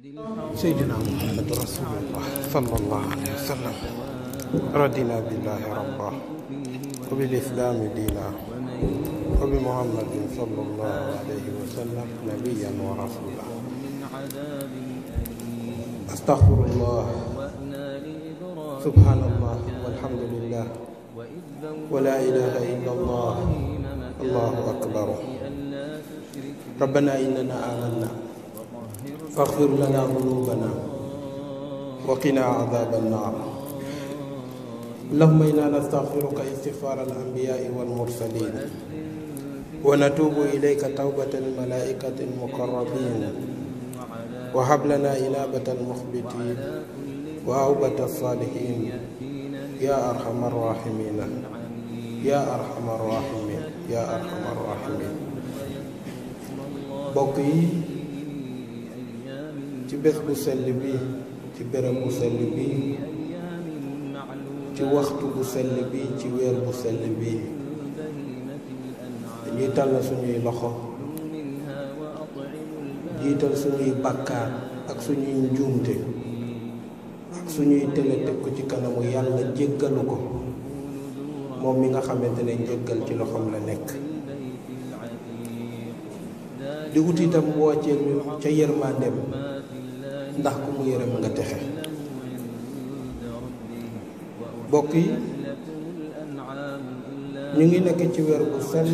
سيدنا محمد رسول الله صلى الله عليه وسلم ردنا بالله ربا وبالإسلام دينا وبمحمد صلى الله عليه وسلم نبيا ورسولا أستغفر الله سبحان الله والحمد لله ولا إله إلا الله الله أكبر ربنا إننا آمنا فاغفر لنا ذنوبنا وقنا عذاب النار اللهم إنا نستغفرك استغفار الأنبياء والمرسلين ونتوب إليك توبة الملائكة المقربين وهب لنا إنابة المخبتين وأوبة الصالحين يا أرحم الراحمين يا أرحم الراحمين يا أرحم الراحمين بقي ci bés bu sell bi ci béréb bu sell bi ci waxtu bu sell bi ci weer bu sell bi dañuy tàll suñuy loxo jiital suñuy bàkkaar ak suñuy njuumte ak suñuy tële teg ko ci kanamu yàlla jéggalu ko mi nga xamante ne ci loxoom la nekk di wut itam woo ca yërmaandeem ndax ku mu yërëm nga texe bokk yi ñu ngi nekk ci weer bu sell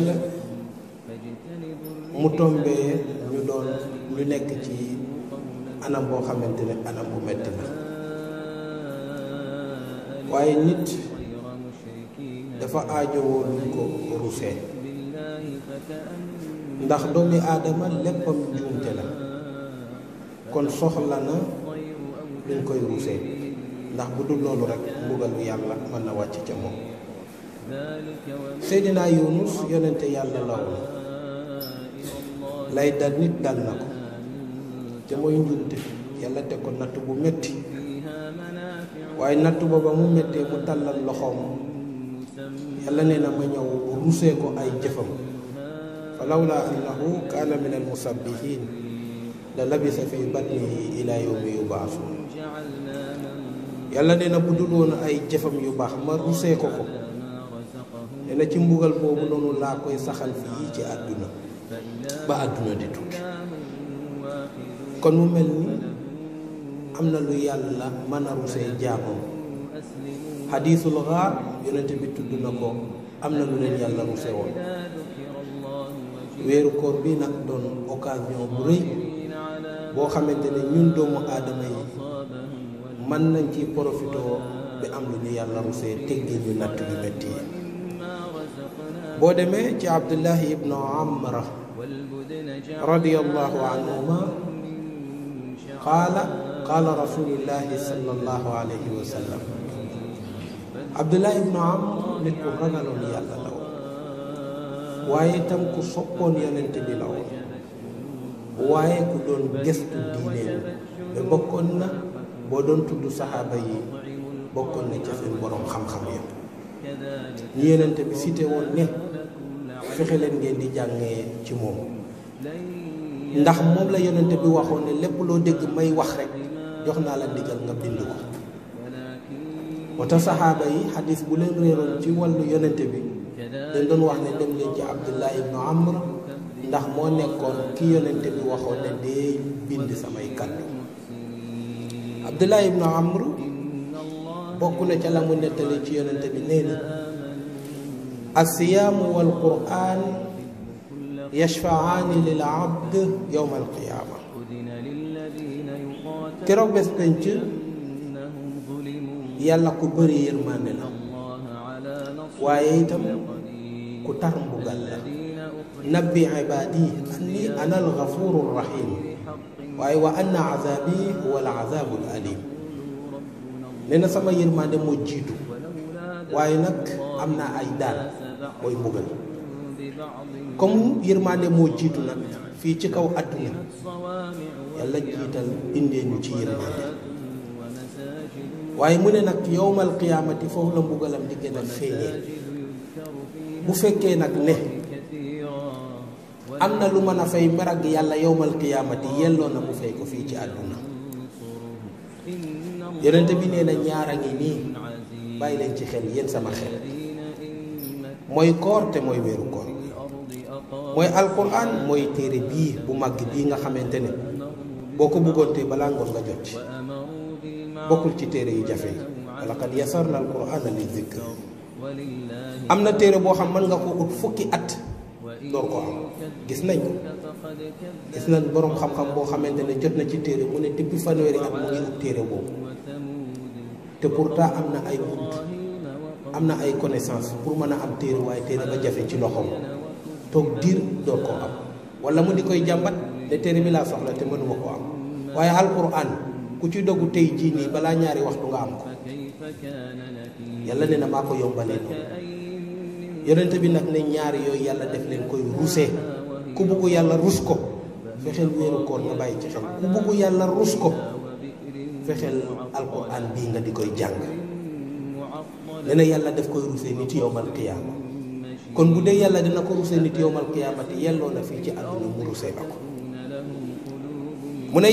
mu tombee ñu doon ñu nekk ci anam boo xamante ne anam bu metti la waaye nit dafa aajowoo luñ ko rusee ndax doomi aadama léppam njuumte la kon soxla na luñ koy ruusee ndax bu dul loolu rek mbugalu yàlla mën na wàcc ca moom Seydina Yunus yonente yàlla law la lay dal nit dal na ko te mooy njunte yàlla teg ko natt bu metti waaye natt booba mu méttee mu tàllal loxoom yàlla nee na ma ñëw rusee ko ay jëfam fa lawlaa annahu kaana min la labisa fi batnihi ila yawmi yubaasu yàlla nee na bu dul woon ay jëfam yu baax ma rusee ko ko nee na ci mbugal boobu noonu laa koy saxal fii ci àdduna ba àdduna di tukki kon mu mel ni am na lu yàlla mën a rusee jaamam xadiisul xaar yonente bi tudd na ko am na lu leen yàlla rusee woon weeru koor bi nag doon occasion bu rëy boo xamante ne ñun doomu aadama yi mën nañ ci profitoo bi am lu ñu yàlla rusee teggil ñu natt bi metti yi boo demee ci abdullahi ibnu amra radiyallahu anhuma qaala qaala rasulillahi sallallahu alayhi wa sallam abdullahi nit ku ragaloon yàlla la waaye itam ku soppoon yonent bi la waaye ku doon gëstu diineen mais bokkoon na boo doon tudd saxaaba yi bokkoon na ca boroom borom xam-xam yëpp ñu yenente bi cité ne fexe leen ngeen di jàngee ci moom ndax moom la yonente bi waxoon ne lépp loo dégg may wax rek jox naa la ndigal nga bind ko moo tax saxaaba yi xadis bu leen réeroon ci wàllu yonente bi dañ doon wax ne dem leen ci abdullah ibnu amr ndax mo nekkon ki yonente bi waxon ne de bind samay kàddu abdullah ibn amr bokku na ci lamu mu ci yonente bi nee na wal qur'an yashfaani lil abd yawm al qiyamah keroog bés penc yàlla ku bëri yermane la waye itam ku tar mbugal la نبي عبادي أني أنا الغفور الرحيم وأي وأن عذابي هو العذاب الأليم لنا سما يرمى مجيد وينك أمنا وي ويبغل كم يرمى مجيد نك في تكاو أدنى يلا جيتال إندي نجي waye mune nak yowmal qiyamati fofu la mbugalam di gëna feñe bu fekkee am na lu mën a fay merag yàlla yowmal qiyaamati yelloo na mu fay ko fii ci àdduna yonente bi nee na ñaar a ngi nii bàyyi leen ci xel yéen sama xel mooy koor te mooy weeru koor mooy alquran mooy téere bii bu màgg bii nga xamante ne boo ko bëggoon tey balaa ngoon nga jot ci bokkul ci téere yu jafe yi walaqad yasarna alqurana li dikr am na téere boo xam mën nga ko ut fukki at door ko am gis nañ gis nañ boroom xam-xam boo xamante ne jot na ci téere mu ne depuis fanweeri at mu ngi ut téere boobu te pourtant am na ay bunt am na ay connaissance pour mën a am téere waaye téere ba jafe ci loxoom toog diir door koo am wala mu di koy jàmbat ne téere bi laa soxla te mënuma ko am waaye alquran ku ci dogu tey jii nii balaa ñaari waxtu nga am ko yàlla ne na maa ko yombalee noonu yonent bi nag ne ñaar yooyu yàlla def leen koy rusee ku bugg yàlla rus ko fexeel wéeru koor nga bàyyi ci xel ku bugg yàlla rus ko fexeel alquran bii nga di koy jàng nee na yàlla def koy rusee nit yowmal qiyaama kon bu dee yàlla dina ko rusee nit yowmal qiyaamati yelloo na fii ci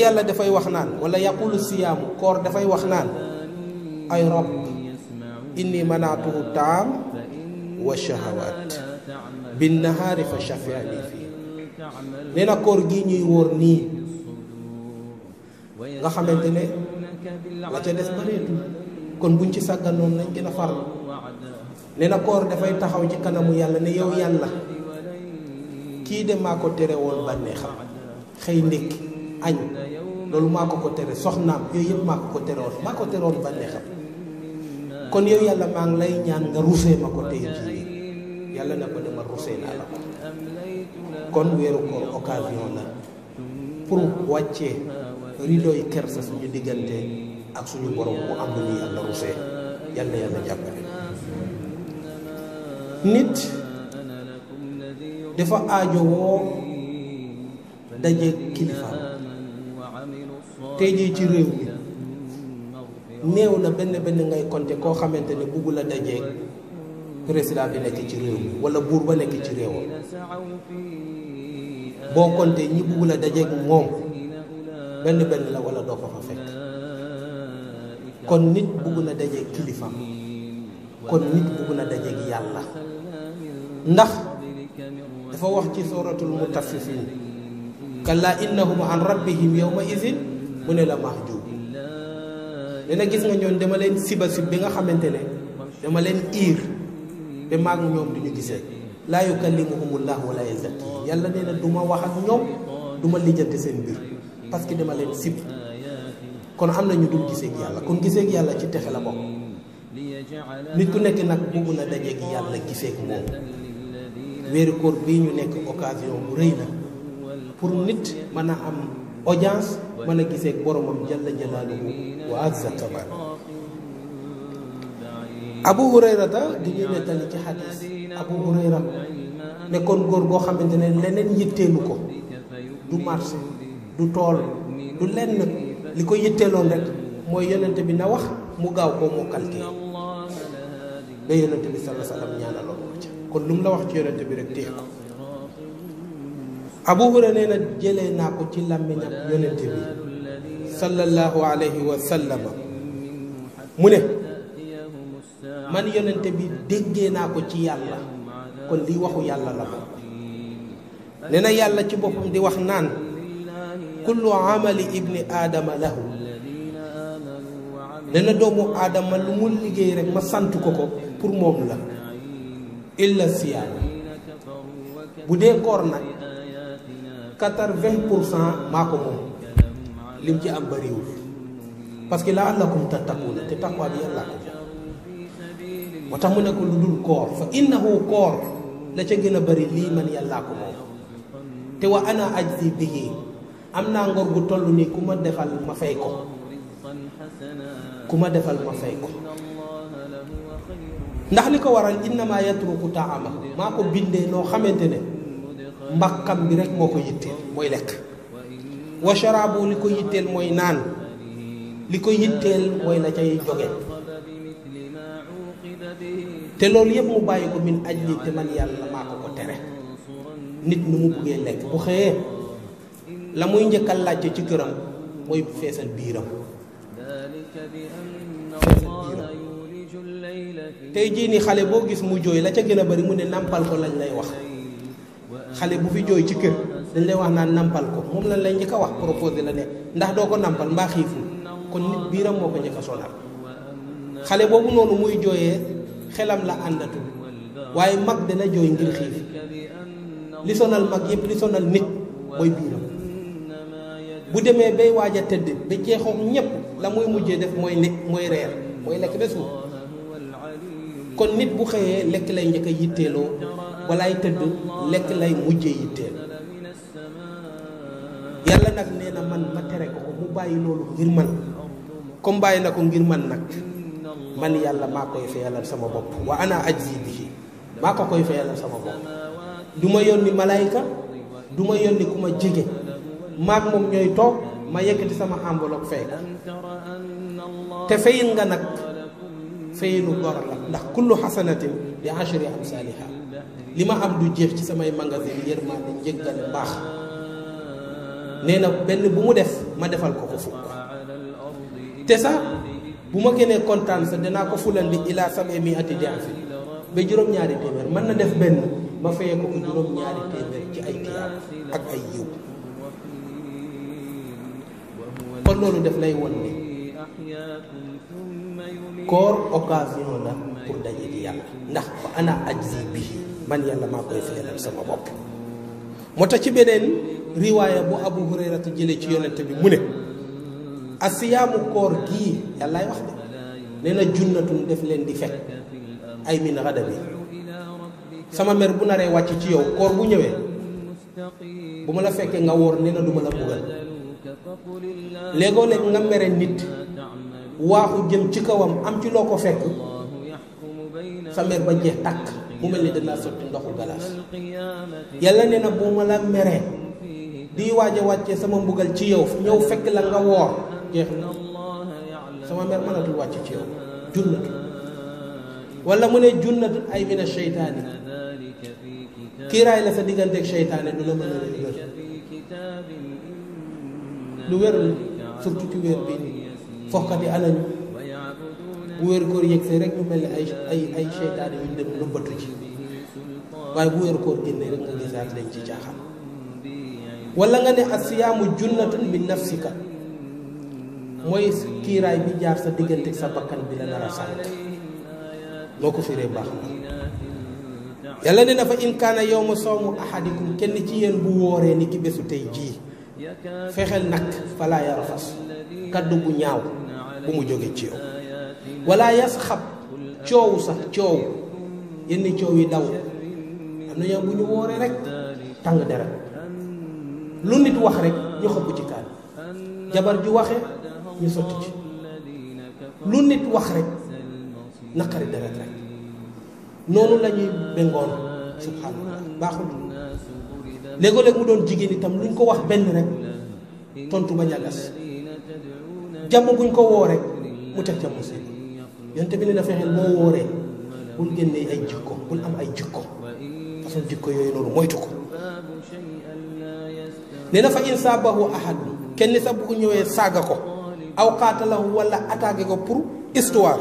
yàlla dafay wax naan wala yaqulu siyaamu koor dafay wax naan ay rob inni manaatuhu taam والشهوات بالنهار فشفعني فيه nee na koor gi ñuy wóor nii nga xamante ne la ca des bareetul kon buñ ci sàgganoon nañ gën a farlu nee na koor dafay taxaw ci kanamu yàlla ne yow yàlla kii de maa ko tere woon bànneexam xëy ndékki añ loolu maa ko ko tere soxnaam yooyu yëpp maa ko ko tere woon maa ko tere woon bànneexam kon yow yàlla maa ngi lay ñaan nga rusee ma ko tey jii yàlla na ko dama rusee naa la ko kon weeru koor occasion la pour wàccee ridoy kersa suñu diggante ak suñu borom bu am lu ñu yàlla rusee yàlla yàlla jàppale nit dafa aajowoo daje kilifa tey jii ci réew néew na benn benn ngay compter koo xamante ne buggul a dajeeg président bi nekk ci réew mi wala buur ba nekk ci réewam boo compter ñi buggul a dajeeg moom benn benn la wala doo ko fa fekk kon nit bugg na dajeeg kilifam kon nit bugg na dajeeg yàlla ndax dafa wax ci suratul mutaffifin kalla innahum an rabbihim yawma idin mu ne la mahjub ne na gis nga ñoon dama leen siba sib bi nga xamante ne dama leen iir ba maag ñoom du ñu gisee laa yukallimuhumullahu wala yazaki yàlla nee na du ma wax ak ñoom du ma lijjante seen mbir parce que dama leen sib kon am na ñu dul gisee ak yàlla kon gisee yàlla ci texe la bokk nit ku nekk nag bu mun a dajeeg yàlla gisee ak moom weeru bii ñu nekk occasion bu rëy la pour nit mën a am audience mën a gisee boromam jalla jalaaluhu wa azza tabaar abu hurayrata di nettali ci xadis abu hurayra nekkoon góor goo xamante ne leneen yitteelu ko du marché du tool du lenn li ko yitteeloon rek mooy yonent bi na wax mu gaaw koo mokkal tee ba yonent bi sala salaam ñaanaloon ko ca kon lu mu la wax ci yonent bi rek téye ko abu hura nee na jëlee naa ko ci làmmiñam yonent bi sallallahu alayhi wa sallama mu ne man yonent bi déggee naa ko ci yàlla kon li waxu yàlla la ko nee na yàlla ci boppam di wax naan kullu amali ibni aadama lahu nee na doomu aadama lu mu liggéey rek ma sant ko ko pour moom la illa siyaam bu dee koor nag quatre-vingt pour cent maa ko moom li mu ci am bëriwul parce que laa allakum tattaquuna te taqwa bi yàlla ko moo tax mu ne ko lu dul koor fa innahu koor la ca gën a bëri lii man yàllaa ko moom te wa ana ajzi bihi am naa ngor gu toll ni ku ma defal ma fay ko ku ma defal ma fay ko ndax li ko waral innamaa yatruku taama maa ko bindee noo xamante ne mbàkkam bi rek moo ko yitteel mooy lekk wa sharaabu li ko yitteel mooy naan li ko yitteel mooy la cay jóge te loolu yëpp mu bàyyi ko min aj li te man yàlla maa ko ko tere nit nu mu buggee lekk bu xëyee la muy njëkkal laajte ci këram mooy feesal biiram tey jii ni xale boo gis mu jooy la ca gën a bari mu ne nàmpal ko lañ lay wax xale bu fi joy ci kër dañ lay wax naan nampal ko mom lañ lay njëkk wax proposé la ne ndax do ko nampal mba xifu kon nit biiram moo ko njëkk a sonal xale bobu nonu muy joyé xelam la andatu waye mag dana joy ngir xiif li sonal mag yëpp li sonal nit mooy biiram bu démé bay waja tëdd bi jéxo ñëpp la muy mujjé def moy nit moy reer moy lek besu kon nit bu xeyé lek lay njëkk yittélo ay tëdd lekk lay mujjee yitteel yàlla nag nee na man ma tere ko mu bàyyi loolu ngir man comme bàyyi na ko ngir man nag man yàlla maa koy fayalal sama bopp wa ana ajzi bihi maa ko koy fayalal sama bopp du ma yónni malaayika du ma yónni ku ma jege maag moom ñooy toog ma yëkkati sama enveloppe fay ko te fayin nga nag fayinu gor la ndax kullu xasanatin bi ashri amsaliha li ma am du jeex ci samay magasin yërmande njëggal mbaax nee na benn bu mu def ma defal ko ko fukk te sax bu ma kenee kontaan sax danaa ko fulandi ilaa sab'e mi'ati di'fi ba juróom-ñaari téeméer man na def benn ma fayee ko ko juróom-ñaari téeméer ci ay tiyaab ak ay yiw kon def lay won ni koor occasion la pour daje di yàlla ndax fa ana ajzi bi man yàlla maa koy feeral sama bopp moo tax ci beneen riwaaya bu abu hurayrata jëlee ci yonente bi mu ne asiyaamu koor gii yàllaay wax de nee na junnatun def leen di fekk ay min ghadabi sama mer bu naree wàcc ci yow koor bu ñëwee bu ma la fekkee nga woor nee na du ma la buggal léegoo léeg nga mere nit waaxu jëm ci kawam am ci loo ko fekk sa mer ba jeex tàkk mu mel ni dañ laa sotti ndoxu galaas yàlla nee na bu ma la meree di waaj a wàccee sama mbugal ci yow ñëw fekk la nga woor jeex na sama mer mënatul wàcc ci yow junnatu wala mu ne junnatu ay mina seytaani kiiraay la sa digganteeg seytaane du la mën a wér lu wér surtout ci wér bi fokkati alañu bu wéeru koor yëgsee rek ñu mel ni ay ay ay seytaane yu dem nëbbatu ci waaye bu wéeru koor génnee nga gisaat leen ci caaxaan wala nga ne asiyaamu junnatun min nafsika mooy kiiraay bi jaar sa diggante sa bakkan bi la nar a sant ko firee baax na yàlla ne na fa in kaana yawma sawmu ahadikum kenn ci yéen bu wooree ni ki bésu tey jii fexeel nag falaa yarfas kaddu bu ñaaw bu mu jóge ci yow wala yasxab coow sax coow yenn coow yi daw am na yow bu rek tàng dara lu nit wax rek ñu xëpp ci kaan jabar ju waxe ñu sotti ci lu nit wax rek naqari dara rek noonu la ñuy subhanallah baaxul Lego léeg mu doon jigéen itam luñ ko wax benn rek tontu ba ñagas jàmm guñ ko rek mu ca yonte bi ne la fexeel moo wooree bul génnee ay jikko bul am ay jikko façon jikko yooyu noonu moytu ko nee na fa in saabahu ahad kenn sax bu ñëwee saaga ko aw qaatalahu wala attaqué ko pour histoire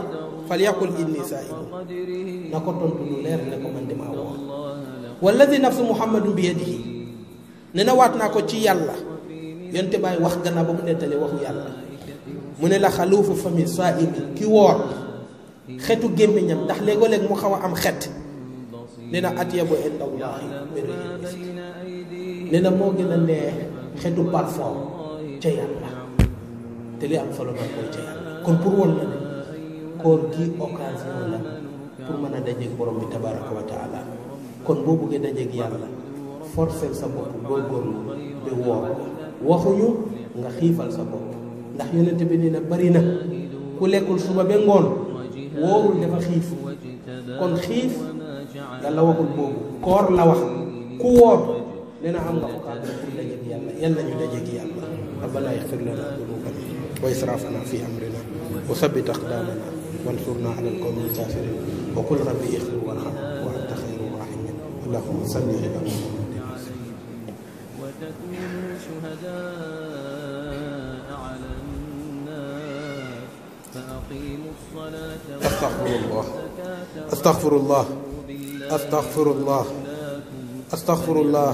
fal yaqul inni saaimun na ko tontu lu leer ne ko man damaa woor walladi nafsu muhammadun bi yadihi nee na waat naa ko ci yàlla yonte baay wax gannaaw ba mu nettalee waxu yàlla mu ne la xaluufu fami saa'imi ki woor xetu gémmiñam ndax léegoo-léeg mu xaw a am xet nee na atyabu indallahi nee na moo gën a nee xetu parfum ca yàlla te li am solo nag mooy ca yàlla kon pour wol na ne koor gi occasion la pour mën a dajeeg borom bi tabaraka wa taala kon boo buggee dajeeg yàlla forcer sa bopp góorgóorlu ba woor waxuñu nga xiifal sa bopp ndax yonent bi nee na bari na ku lekkul suba ba ngoon wóorul dafa xiif kon xiif yàlla waxul boobu koor la wax ku wóor nee na am nga okaat pour daje ak yàlla yàlla ñu daje ak yàlla rabbana yaxfir lana dunubana wa israfana fi amrina wa sabbit aqdamana وانصرنا على القوم الكافرين وقل ربي اغفر وارحم وانت خير الراحمين اللهم صل على محمد وتكونوا شهداء أستغفر الله أستغفر الله أستغفر الله أستغفر الله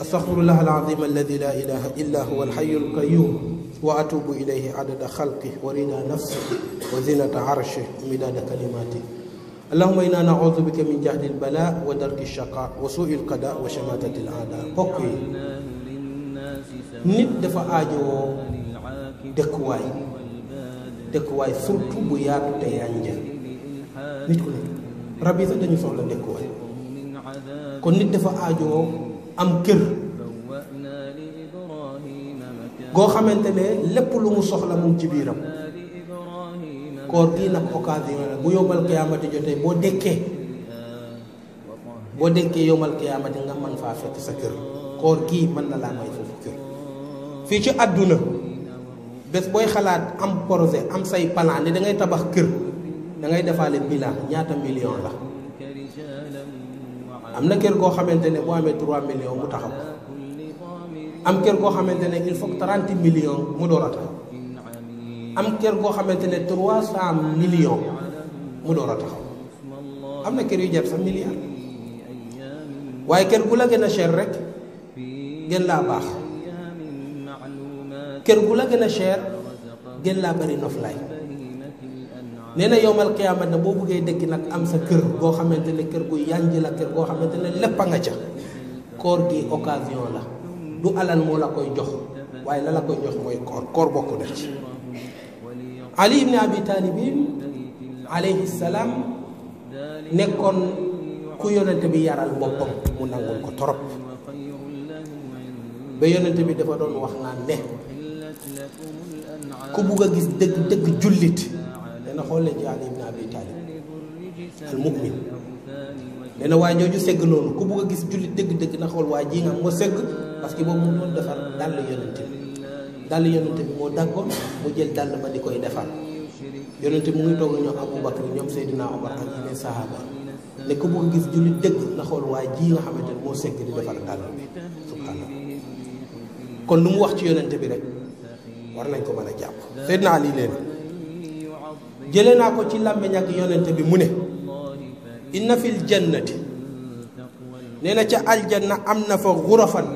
أستغفر الله العظيم الذي لا إله إلا هو الحي القيوم وأتوب إليه عدد خلقه ورنا نفسه وزينة عرشه ومداد كلماته اللهم إنا نعوذ بك من جهد البلاء ودرك الشقاء وسوء القضاء وشماتة الأعداء أوكي نت دفع آجو دكواي dëkkuwaay surtout bu yaatu te yaañu nit ku nekk rab yi sax dañu soxla dëkkuwaay kon nit dafa aajoo am kër goo xamante ne lépp lu mu soxla moom ci biiram koor gii nag occasion la bu yowmal qiyaamati jotee boo dëkkee boo dëkkee yowmal qiyaamati nga man faa fekk sa kër koor gii mën na laa may foofu kër fii ci àdduna bés booy xalaat am projet am say plan ni da ngay tabax kër da ngay defaale bilan ñaata million la am na kër goo xamante ne boo amee 3 millions mu taxaw am kër goo xamante ne il faut 30 millions mu door a taxaw am xamante ne 300 millions mu na kër yu jar sax milliards waaye kër gu la gën a cher rek gën laa baax. كير بولا غنا شير جن لا بري نوفلاي نينا يوم القيامة نبو بوغي دك نك ام سا كير بو خامتاني كير بو يانج لا كير بو خامتاني لپا نجا كور جي اوكازيون لا دو علال مولا كوي جوخ واي لا لا كوي جوخ موي كور كور بوكو نتي علي بن ابي طالب عليه السلام نيكون كو يونت بي يارال بوبام مو نانغول كو تروب بي يونت بي دا فا دون واخ نان نه ku bugg a gis dëgg dëgg jullit nee na xoolee ci Ali ibn Abi Talib al mu'min nee na waa jooju segg noonu ku bugg a gis jullit dëgg dëgg na xool waa ji nga moo segg parce que boobu mu doon defar dàll yonente bi dàll yonente jël dàll ba di koy defar yonente mu ngi toog ñoom Abu Bakr ñoom Seydina Omar ak yeneen sahaba ne ku bugg a gis na xool waa ji nga xamante ne moo segg di defar dàll bi subhanallah kon lu mu wax ci yonente bi rek war nañ ko mën a jàpp Seydina Ali leen jële naa ko ci làmmiñ ak yonente bi mu ne inna fil jannati nee na ca aljanna am na fa xurafan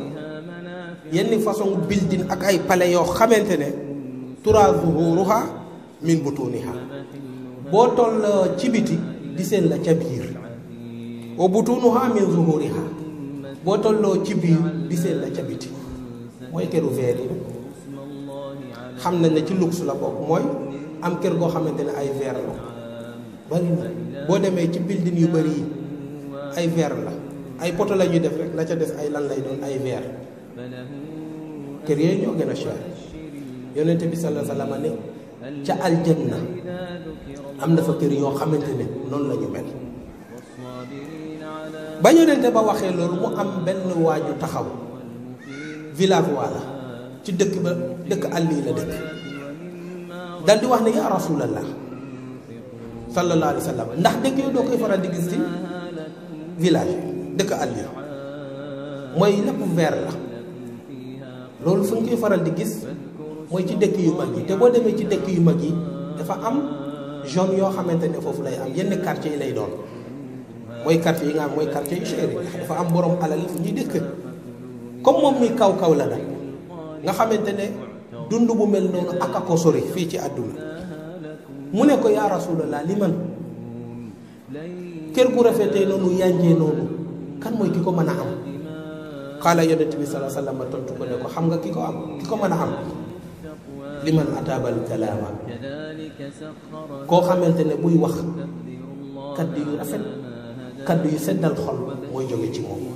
yenn façon building ak ay pale yoo xamante ne tura zuhuruha min butuniha boo toll ci biti di seen la ca biir wa butunuha min zuhuriha boo tolloo ci biir di seen la ca biti mooy këru veer yi xam nañ ne ci luxe la bokk mooy am kër goo xamante ne ay verre la bari na boo demee ci building yu bari ay verre la ay poto la ñuy def rek la ca des ay lan lay doon ay verre kër yooyu ñoo gën a cher yonente bi sallallahu ne ca aljanna am na fa kër yoo xamante ne noonu la ñu ba yonente ba waxee loolu mu am benn waaju taxaw village waa la ci dëkk ba dëkk àll yi la dëkk dal di wax ne yaa rasulallah sallallahu alayhi ndax dëkk yooyu doo koy faral di gis ci dëkk àll yi mooy lépp vert faral di gis mooy ci dëkk yu mag yi te boo demee ci dëkk yu mag yi dafa am zone yoo xamante ne foofu lay am yenn quartier yi lay doon mooy quartier yi nga am mooy quartier yu cher yi dafa am borom alal fu ñuy dëkk comme moom mi kaw kaw la nag nga xamantene ne dund bu mel non ak ko sori fi ci aduna mune ko ya rasulullah liman kër gu rafete nonu yanje nonu kan moy kiko mana am qala yonente bi sala sallam tontu ko ne ko xam nga kiko am kiko mana am liman man ataabal kalaama koo buy wax kaddu yu rafet kaddu yu seddal xol mooy jóge ci moom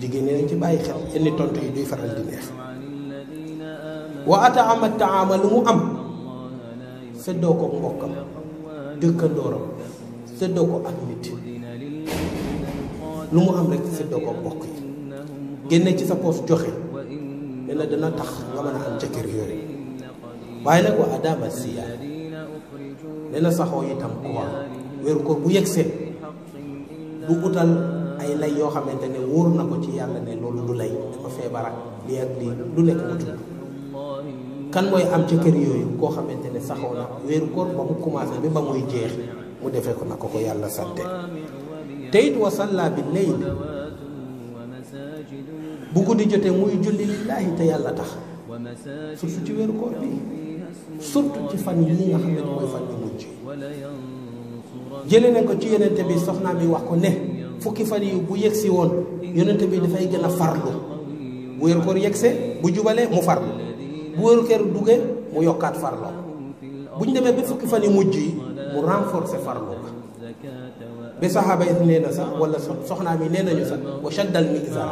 jigéen ñi dañ ci bàyyi xel yenn tontu yi duy faral di neex wa ataama mu am séddoo ko ko ak lu mu am rek ko mbokk yi génne ci sa poos joxe ne na dana tax nga mën am jëkkër yooyu waaye nag wa adama siya ne na saxoo itam ko waaw wéeru koor bu yegsee du utal ay lay yoo xamante ne wóor na ko ci yàlla ne loolu du lay dafa feebar ak lii ak lii lu nekk mu tudd kan mooy am ca kër yooyu koo xamante ne saxoo na weeru koor ba mu commencé bi ba muy jeex mu defee ko na ko ko yàlla sante tey it wa bi layl bu guddi jotee muy julli lillaahi te yàlla tax surtout ci weeru koor bi surtout ci fan yi nga xam ne mooy fan yu mujj jëlee nañ ko ci yenente bi soxnaa bi wax ko ne fukki fan yu bu yegsi woon yonent bi dafay gën a farlu bu wéeru koor yegsee bu jubalee mu farlu bu wéeru koor duggee mu yokkaat farloo bu ñu demee ba fukki fan yu mujj yi mu renforcer farlu ko be saxaaba yi nee na sax wala soxnaa mi nee nañu sax wa shaddal mizar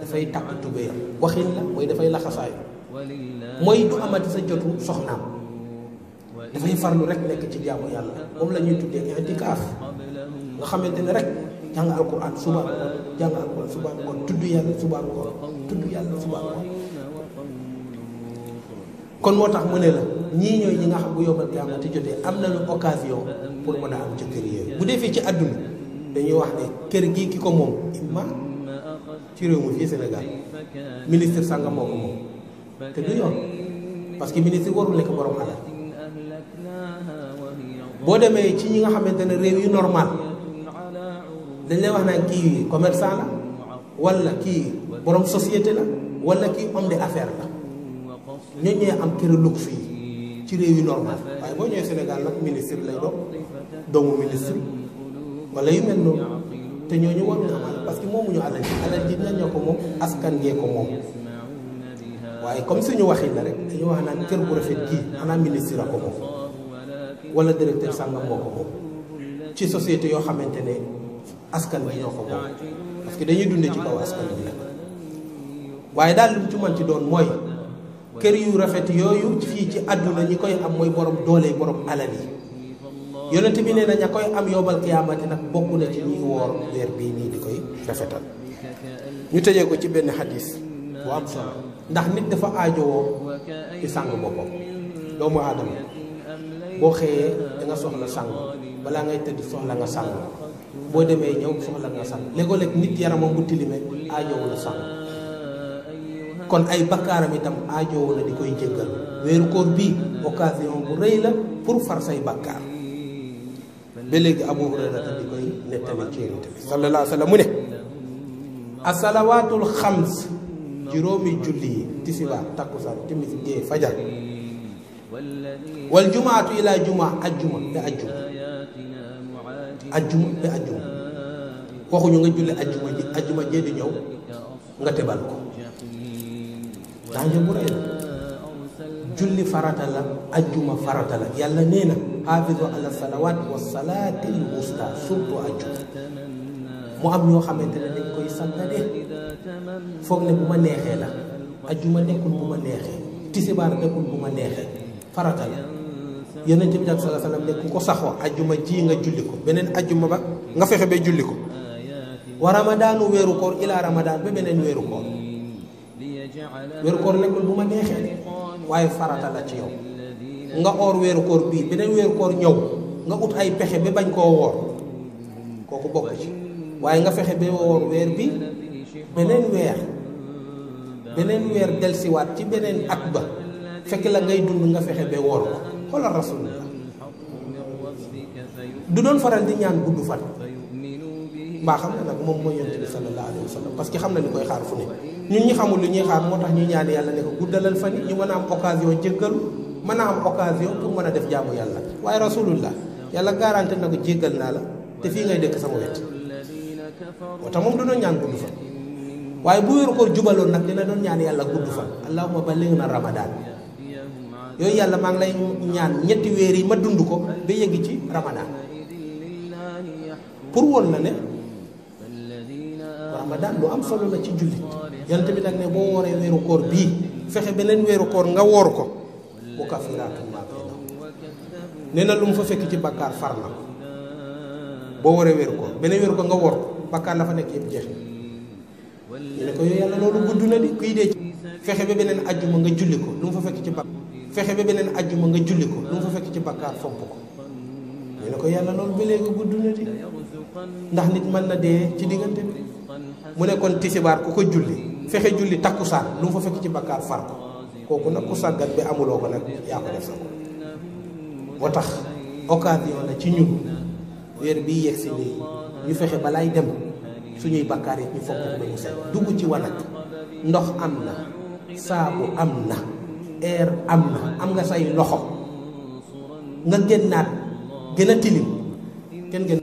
dafay takk tubéyam waxin la mooy dafay laxasaayu mooy du amati sa jotu soxnaam dafay farlu rek nekk ci jaamu yàlla moom la ñuy tuddee intikaaf nga xamante ne rek jàng alquran suba ak ngoon jàng alquran suba ak ngoon tudd yàlla suba ak ngoon tudd yàlla suba ak ngoon kon moo tax mu ne la ñii ñooy ñi nga xam bu yombal qiyaamati jotee am nañu occasion pour mën a am ca kër yooyu bu defee ci àdduna dañuy wax ne kër gi ki ko moom imma ci réew mi fii Sénégal ministre sànga moo ko moom te du yoon parce que ministre warul lekk borom alal boo demee ci ñi nga xamante ne réew yu normal dañ lay wax naan kii commerçant la wala kii borom societé la wala kii homme d'affaires la ñoo ñee am këralug fii ci réew yu normal waaye boo ñëwee Sénégal nag ministre lay doon doomu ministre wala yu mel noonu te ñooñu waruñu amal parce que moomuñu alal ji alal ji dinañ ñoo ko moom askan ngee ko moom waaye comme suñu waxin la rek dañu wax naan kër bu rafet gii xanaa ministre a ko moom wala directeur sàngam moo ko moom ci société yoo xamante ne askan bi ñoo ko bokk parce que dañuy dunde ci kaw askan bi nag waaye daal li mu ci doon mooy kër yu rafet yooyu fii ci àdduna ñi koy am mooy borom doole borom alal yi yonent bi nee na ña koy am yowmal qiyaamati nag bokk na ci ñuy woor weer bii nii di koy rafetal ñu tëjee ko ci benn xadis bu am solo ndax nit dafa aajowoo ci sàng boppam doomu aadama boo xëyee da nga soxla sàng balaa ngay tëdd soxla nga sàng boo demee ñëw soxla nga sang léegoo-léeg nit yaramam bu tilime aajowu la sang kon ay bakkaaram itam aajowu na di koy jéggal weeru koor bii occasion bu rëy la pour far say bakkaar ba léegi abu hurayrata di koy nettali ci yonente bi sallallahu alayhi wa sallam mu ne asalawaatul xams juróomi julli yi tisibaar takkusaan timis gee fajar wal jumaatu ila juma ajjuma ba ajjuma ajjuma ba ajjuma waxuñu nga julli ajjuma ji ajjuma jee di ñëw nga tebal ko danger bu rëy la julli farata la ajjuma farata la yàlla nee na xaafidu ala salawaat wa salaatil wusta surtout ajjuma mu am ñoo xamante ne dañ koy sàggane foog ne bu ma neexee la ajjuma nekkul bu ma neexee tisibaar nekkul bu ma neexee farata la yonent bi sallallahu alayhi wa sallam ne ku ko saxoo ajjuma ji nga julli ko beneen ajjuma ba nga fexe ba julli ko ma daanu weeru koor ilaa ramadaan ba beneen weeru koor weeru koor nekkul bu ma neexee waaye farata ci yow nga oor weeru koor bii beneen weeru koor ñëw nga ut ay pexe ba bañ koo woor kooku bokk ci waaye nga fexe ba woor weer bi beneen weer beneen weer delsiwaat ci beneen at ba fekk la ngay dund nga fexe ba woor ko xoolal rasulullah du doon faral di ñaan gudd fan mbaa xam na nag moom mooy yonent bi sallallahu alayhi wa sallam a am a a def jaamu waaye rasulullah yàlla garanti na jéggal naa la te fii ngay dëkk sama wet moo tax moom du doon ñaan gudd fan waaye bu wéeru koor jubaloon nag dina doon ñaan yàlla gudd fan allahumma ballighna ramadan yooyu yàlla maa lay ñaan ñetti weer ma dund ko ba yëngi ci ramadan pour woon na ne ramadan lu am solo la ci jullit yonent bi nag ne boo wooree weeru koor bii fexe beneen weeru koor nga woor ko bu kafiraatu maa baynahum nee na lu mu fa fekk ci bakkaar far na boo wooree weeru koor beneen weeru koor nga woor ko bakkaar la fa nekk yëpp jeex na ñu ne ko yow yàlla loolu gudd na di kuy dee fexe ba beneen ajjuma nga julli ko lu mu fa fekk ci bakkaar fexe ba beneen ajjuma nga julli ko lu mu fekk ci bakkaar fomp ko ñu ko yàlla loolu ba léegi gudd na di ndax nit mën na dee ci diggante bi mu ne kon tisibaar ku ko julli fexe julli takkusaan lu mu fa fekk ci bakkaar far ko kooku nag ku sàggat bi amuloo ko nag yaa ko def sa ko moo tax occasion la ci ñun weer bii yegg si nii ñu fexe balaay dem suñuy bakkaar yi ñu fokk ba mu set dugg ci wanag ndox am na saabu am na air am na am nga say loxo nga génnaat gën a tilim kenn gën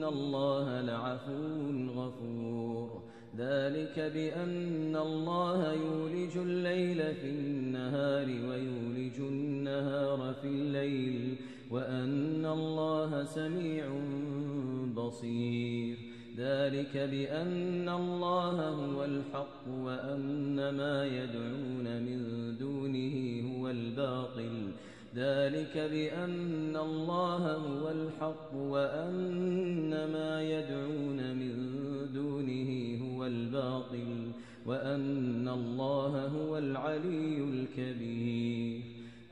ذلك بأن الله يولج الليل في النهار ويولج النهار في الليل وأن الله سميع بصير ذلك بأن الله هو الحق وأن ما يدعون من دونه هو الباطل ذلك بأن الله هو الحق وأن ما يدعون باطل وأن الله هو العلي الكبير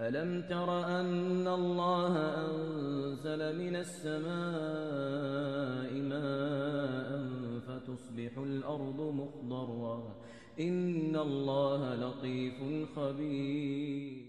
ألم تر أن الله أنزل من السماء ماء فتصبح الأرض مخضرة إن الله لطيف خبير